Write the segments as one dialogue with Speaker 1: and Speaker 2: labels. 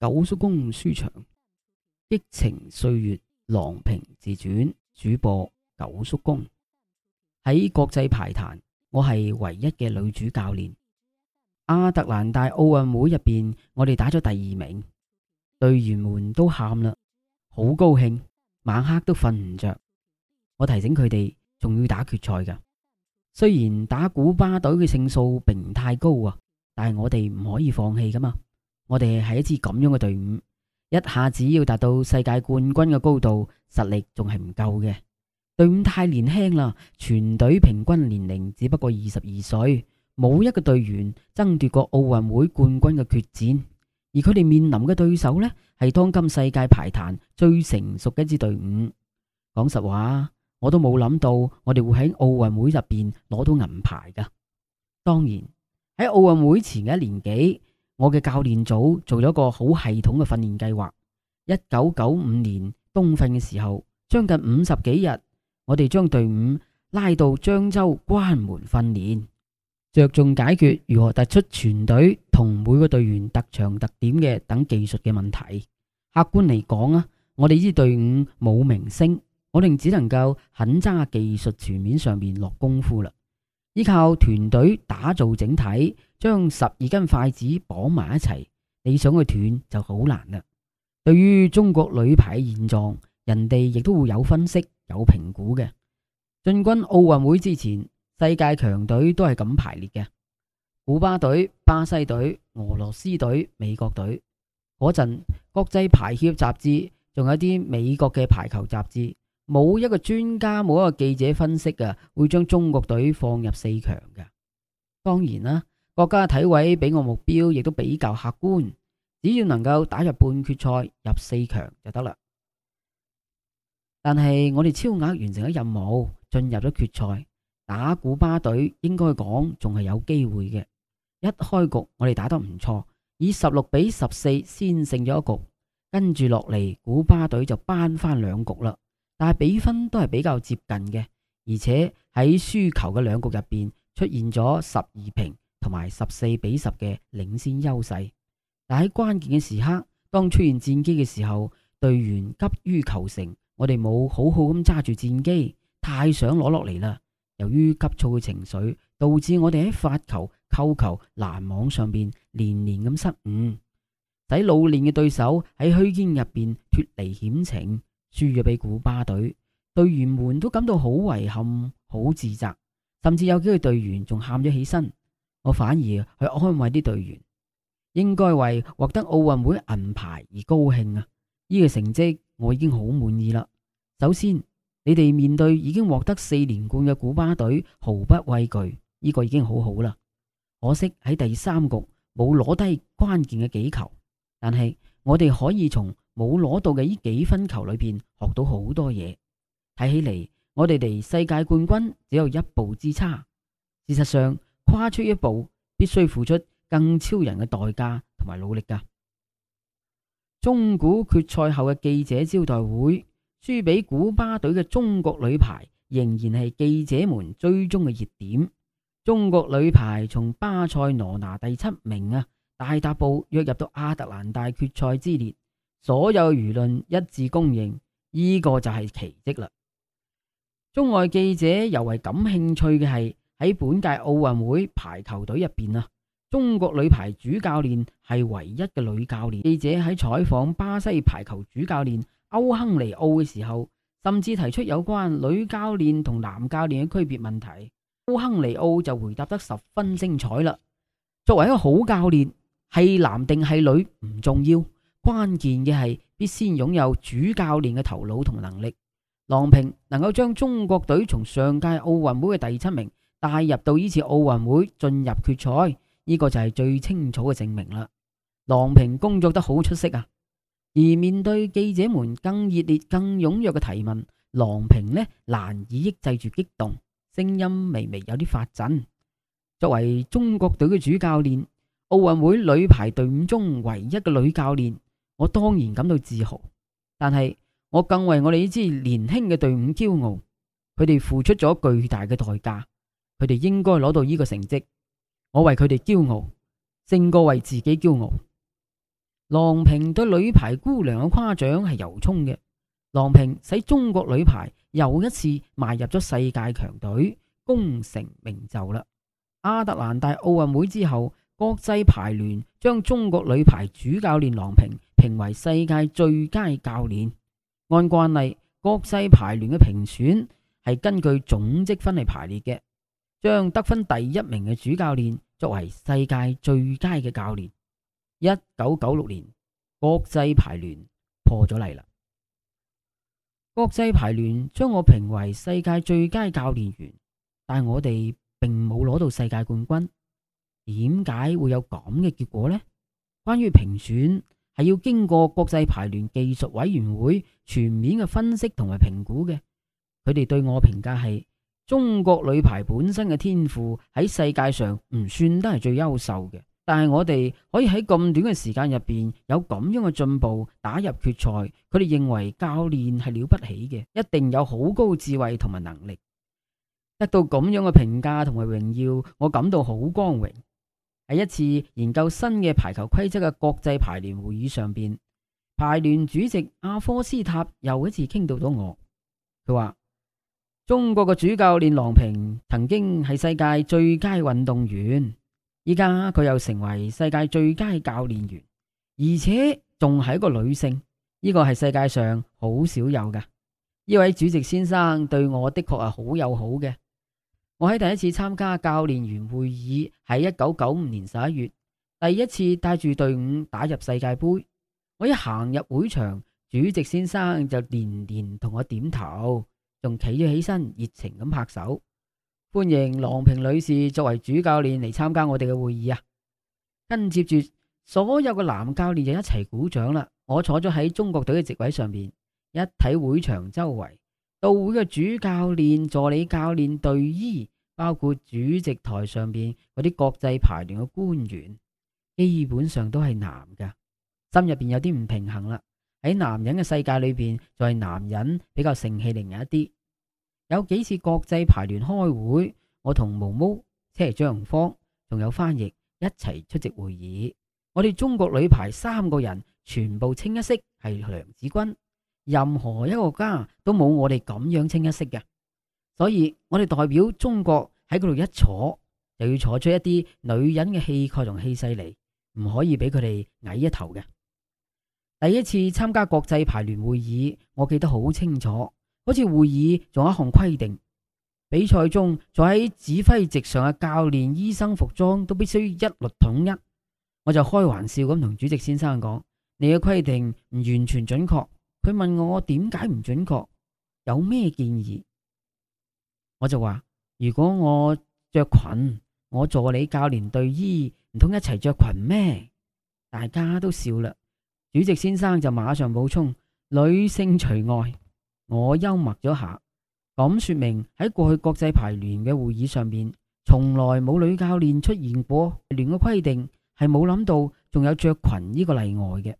Speaker 1: 九叔公書場，激情歲月，郎平自傳，主播九叔公喺國際排壇，我係唯一嘅女主教練。亞特蘭大奧運會入面，我哋打咗第二名，隊員們都喊啦，好高興，晚黑都瞓唔着。我提醒佢哋仲要打決賽噶，雖然打古巴隊嘅勝數並唔太高啊，但係我哋唔可以放棄噶嘛。我哋係一支咁樣嘅隊伍，一下子要達到世界冠軍嘅高度，實力仲係唔夠嘅。隊伍太年輕啦，全隊平均年齡只不過二十二歲，冇一個隊員爭奪過奧運會冠軍嘅決戰。而佢哋面臨嘅對手呢，係當今世界排壇最成熟嘅一支隊伍。講實話，我都冇諗到我哋會喺奧運會入邊攞到銀牌噶。當然，喺奧運會前嘅一年幾。我嘅教練組做咗個好系統嘅訓練計劃。一九九五年冬訓嘅時候，將近五十幾日，我哋將隊伍拉到漳州關門訓練，着重解決如何突出全隊同每個隊員特長特點嘅等技術嘅問題。客觀嚟講啊，我哋呢支隊伍冇明星，我哋只能夠狠揸技術全面上面落功夫啦，依靠團隊打造整體。將十二根筷子綁埋一齊，你想去斷就好難啦。對於中國女排現狀，人哋亦都會有分析、有評估嘅。進軍奧運會之前，世界強隊都係咁排列嘅：古巴隊、巴西隊、俄羅斯隊、美國隊。嗰陣國際排協雜誌，仲有啲美國嘅排球雜誌，冇一個專家、冇一個記者分析嘅會將中國隊放入四強嘅。當然啦。國家體委俾我目標亦都比較客觀，只要能夠打入半決賽、入四強就得啦。但係我哋超額完成咗任務，進入咗決賽，打古巴隊應該講仲係有機會嘅。一開局我哋打得唔錯，以十六比十四先勝咗一局，跟住落嚟古巴隊就扳翻兩局啦。但係比分都係比較接近嘅，而且喺輸球嘅兩局入邊出現咗十二平。同埋十四比十嘅領先優勢，但喺關鍵嘅時刻，當出現戰機嘅時候，隊員急於求成，我哋冇好好咁揸住戰機，太想攞落嚟啦。由於急躁嘅情緒，導致我哋喺發球、扣球、攔網上邊連連咁失誤，使老練嘅對手喺虛驚入邊脫離險情，輸咗俾古巴隊。隊員們都感到好遺憾、好自責，甚至有幾個隊員仲喊咗起身。我反而去安慰啲隊員，應該為獲得奧運會銀牌而高興啊！呢個成績我已經好滿意啦。首先，你哋面對已經獲得四連冠嘅古巴隊毫不畏懼，呢個已經好好啦。可惜喺第三局冇攞低關鍵嘅幾球，但係我哋可以從冇攞到嘅呢幾分球裏邊學到好多嘢。睇起嚟，我哋離世界冠軍只有一步之差。事實上，跨出一步，必須付出更超人嘅代價同埋努力噶。中古決賽後嘅記者招待會，輸俾古巴隊嘅中國女排，仍然係記者們追蹤嘅熱點。中國女排從巴塞羅那第七名啊，大踏步躍入到亞特蘭大決賽之列，所有輿論一致公認，呢個就係奇蹟啦。中外記者尤為感興趣嘅係。喺本屆奧運會排球隊入邊啊，中國女排主教練係唯一嘅女教練。記者喺採訪巴西排球主教練歐亨尼奧嘅時候，甚至提出有關女教練同男教練嘅區別問題。歐亨尼奧就回答得十分精彩啦。作為一個好教練，係男定係女唔重要，關鍵嘅係必先擁有主教練嘅頭腦同能力。郎平能夠將中國隊從上屆奧運會嘅第七名。帶入到呢次奧運會進入決賽，呢個就係最清楚嘅證明啦。郎平工作得好出色啊，而面對記者們更熱烈、更踴躍嘅提問，郎平呢難以抑制住激動，聲音微微有啲發震。作為中國隊嘅主教練，奧運會女排隊伍中唯一嘅女教練，我當然感到自豪，但係我更為我哋呢支年輕嘅隊伍驕傲。佢哋付出咗巨大嘅代價。佢哋應該攞到呢個成績，我為佢哋驕傲，勝過為自己驕傲。郎平對女排姑娘嘅誇獎係由衷嘅。郎平使中國女排又一次邁入咗世界強隊，功成名就啦。亞特蘭大奧運會之後，國際排聯將中國女排主教練郎平評為世界最佳教練。按慣例，國際排聯嘅評選係根據總積分嚟排列嘅。將得分第一名嘅主教練作為世界最佳嘅教練。一九九六年國際排聯破咗例啦，國際排聯將我評為世界最佳教練員，但我哋並冇攞到世界冠軍。點解會有咁嘅結果呢？關於評選係要經過國際排聯技術委員會全面嘅分析同埋評估嘅，佢哋對我評價係。中國女排本身嘅天賦喺世界上唔算得係最優秀嘅，但係我哋可以喺咁短嘅時間入邊有咁樣嘅進步，打入決賽。佢哋認為教練係了不起嘅，一定有好高智慧同埋能力。得到咁樣嘅評價同埋榮耀，我感到好光榮。喺一次研究新嘅排球規則嘅國際排聯會議上邊，排聯主席阿科斯塔又一次傾到咗我，佢話：中國嘅主教練郎平曾經係世界最佳運動員，依家佢又成為世界最佳教練員，而且仲係一個女性，呢個係世界上好少有㗎。呢位主席先生對我的確係好友好嘅。我喺第一次參加教練員會議喺一九九五年十一月，第一次帶住隊伍打入世界杯，我一行入會場，主席先生就連連同我點頭。仲企咗起身，熱情咁拍手，歡迎郎平女士作為主教練嚟參加我哋嘅會議啊！跟接住所有嘅男教練就一齊鼓掌啦。我坐咗喺中國隊嘅席位上邊，一睇會場周圍到會嘅主教練、助理教練、隊醫，包括主席台上邊嗰啲國際排聯嘅官員，基本上都係男噶，心入邊有啲唔平衡啦。喺男人嘅世界裏邊，就係男人比較盛氣凌人一啲。有幾次國際排聯開會，我同毛毛、即係張蓉芳仲有翻譯一齊出席會議。我哋中國女排三個人全部清一色係梁子軍，任何一個家都冇我哋咁樣清一色嘅。所以我哋代表中國喺嗰度一坐，就要坐出一啲女人嘅氣概同氣勢嚟，唔可以俾佢哋矮一頭嘅。第一次參加國際排聯會議，我記得好清楚。嗰次會議仲有一項規定，比賽中坐喺指揮席上嘅教練、醫生服裝都必須一律統一。我就開玩笑咁同主席先生講：你嘅規定唔完全準確。佢問我點解唔準確，有咩建議？我就話：如果我着裙，我助理教練隊醫唔通一齊着裙咩？大家都笑啦。主席先生就馬上補充：女性除外。我幽默咗下，咁說明喺過去國際排聯嘅會議上面，從來冇女教練出現過。聯嘅規定係冇諗到仲有着裙呢個例外嘅。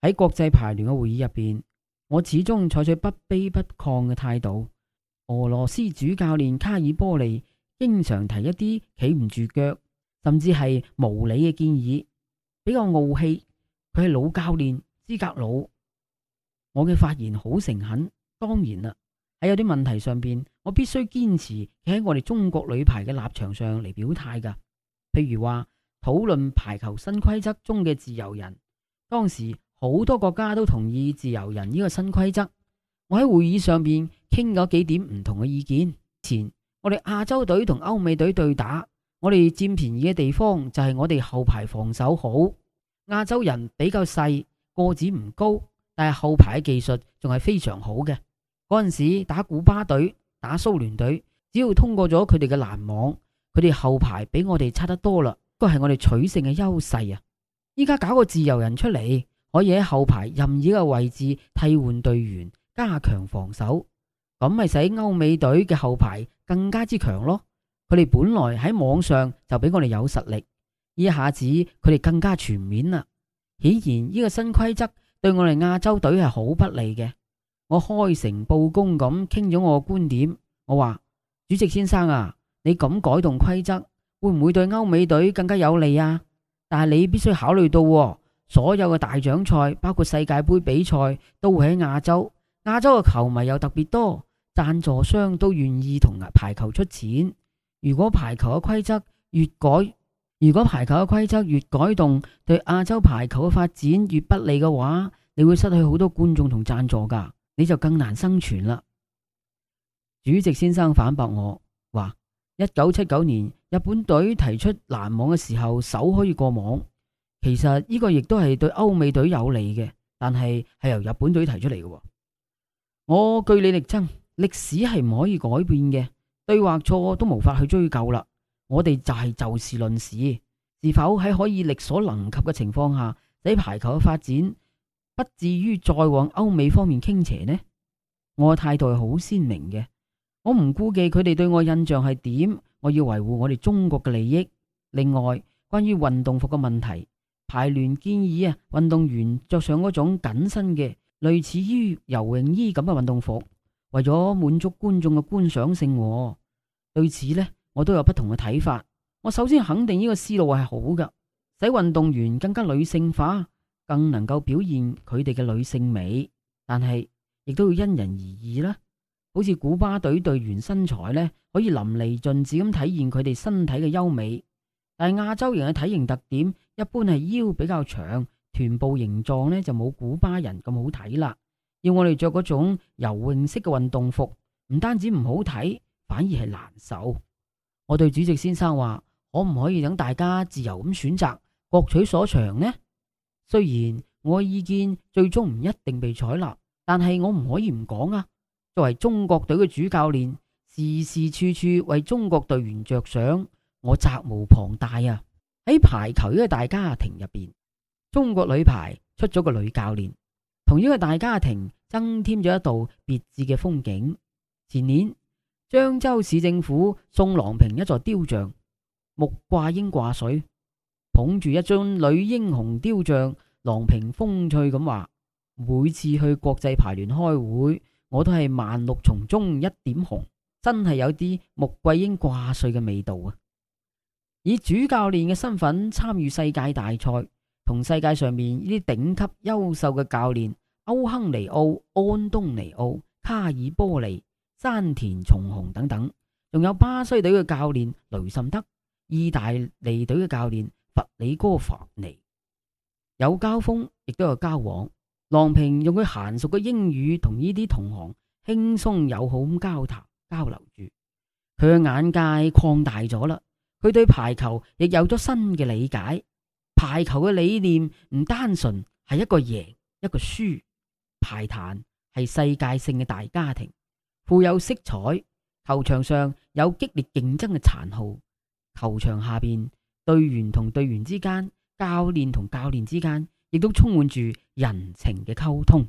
Speaker 1: 喺國際排聯嘅會議入邊，我始終採取不卑不亢嘅態度。俄羅斯主教練卡爾波利經常提一啲企唔住腳，甚至係無理嘅建議，比較傲氣。佢係老教練，資格老。我嘅發言好誠懇。當然啦，喺有啲問題上邊，我必須堅持企喺我哋中國女排嘅立場上嚟表態噶。譬如話討論排球新規則中嘅自由人，當時好多國家都同意自由人呢個新規則。我喺會議上邊傾咗幾點唔同嘅意見。前我哋亞洲隊同歐美隊對打，我哋佔便宜嘅地方就係我哋後排防守好。亞洲人比較細，個子唔高，但係後排技術仲係非常好嘅。嗰陣時打古巴隊、打蘇聯隊，只要通過咗佢哋嘅攔網，佢哋後排比我哋差得多啦。都係我哋取勝嘅優勢啊！依家搞個自由人出嚟，可以喺後排任意嘅位置替換隊員，加強防守，咁咪使歐美隊嘅後排更加之強咯。佢哋本來喺網上就比我哋有實力。一下子佢哋更加全面啦，顯然呢個新規則對我哋亞洲隊係好不利嘅。我開誠布公咁傾咗我嘅觀點，我話：主席先生啊，你咁改動規則，會唔會對歐美隊更加有利啊？但係你必須考慮到，所有嘅大獎賽包括世界杯比賽都會喺亞洲，亞洲嘅球迷又特別多，贊助商都願意同排球出錢。如果排球嘅規則越改，如果排球嘅規則越改動，對亞洲排球嘅發展越不利嘅話，你會失去好多觀眾同讚助噶，你就更難生存啦。主席先生反駁我話：一九七九年日本隊提出攔網嘅時候，手可以過網，其實呢個亦都係對歐美隊有利嘅，但係係由日本隊提出嚟嘅。我據理力爭，歷史係唔可以改變嘅，對或錯都無法去追究啦。我哋就係就事論事，是否喺可以力所能及嘅情況下，使排球嘅發展不至於再往歐美方面傾斜呢？我嘅態度係好鮮明嘅，我唔顧忌佢哋對我印象係點，我要維護我哋中國嘅利益。另外，關於運動服嘅問題，排聯建議啊，運動員着上嗰種緊身嘅類似於游泳衣咁嘅運動服，為咗滿足觀眾嘅觀賞性。對此呢。我都有不同嘅睇法。我首先肯定呢個思路係好噶，使運動員更加女性化，更能夠表現佢哋嘅女性美。但係亦都要因人而異啦。好似古巴隊隊員身材呢，可以淋漓盡致咁體現佢哋身體嘅優美。但係亞洲人嘅體型特點，一般係腰比較長，臀部形狀呢就冇古巴人咁好睇啦。要我哋着嗰種游泳式嘅運動服，唔單止唔好睇，反而係難受。我對主席先生話：可唔可以等大家自由咁選擇，各取所長呢？雖然我意見最終唔一定被採納，但係我唔可以唔講啊！作為中國隊嘅主教練，事事處處為中國隊員着想，我責無旁貸啊！喺排球呢個大家庭入邊，中國女排出咗個女教練，同一個大家庭增添咗一道別致嘅風景。前年。漳州市政府送郎平一座雕像，穆桂英掛帥，捧住一尊女英雄雕像，郎平風趣咁話：每次去國際排聯開會，我都係萬綠叢中一點紅，真係有啲穆桂英掛帥嘅味道啊！以主教練嘅身份參與世界大賽，同世界上面呢啲頂級優秀嘅教練歐亨尼奧、安東尼奧、卡爾波利。山田重雄等等，仲有巴西隊嘅教練雷什德、意大利隊嘅教練弗里哥·法尼，有交鋒亦都有交往。郎平用佢嫻熟嘅英語同呢啲同行輕鬆友好咁交談交流住，佢嘅眼界擴大咗啦，佢對排球亦有咗新嘅理解。排球嘅理念唔單純係一個贏一個輸，排壇係世界性嘅大家庭。富有色彩，球場上有激烈競爭嘅殘酷，球場下邊隊員同隊員之間、教練同教練之間，亦都充滿住人情嘅溝通。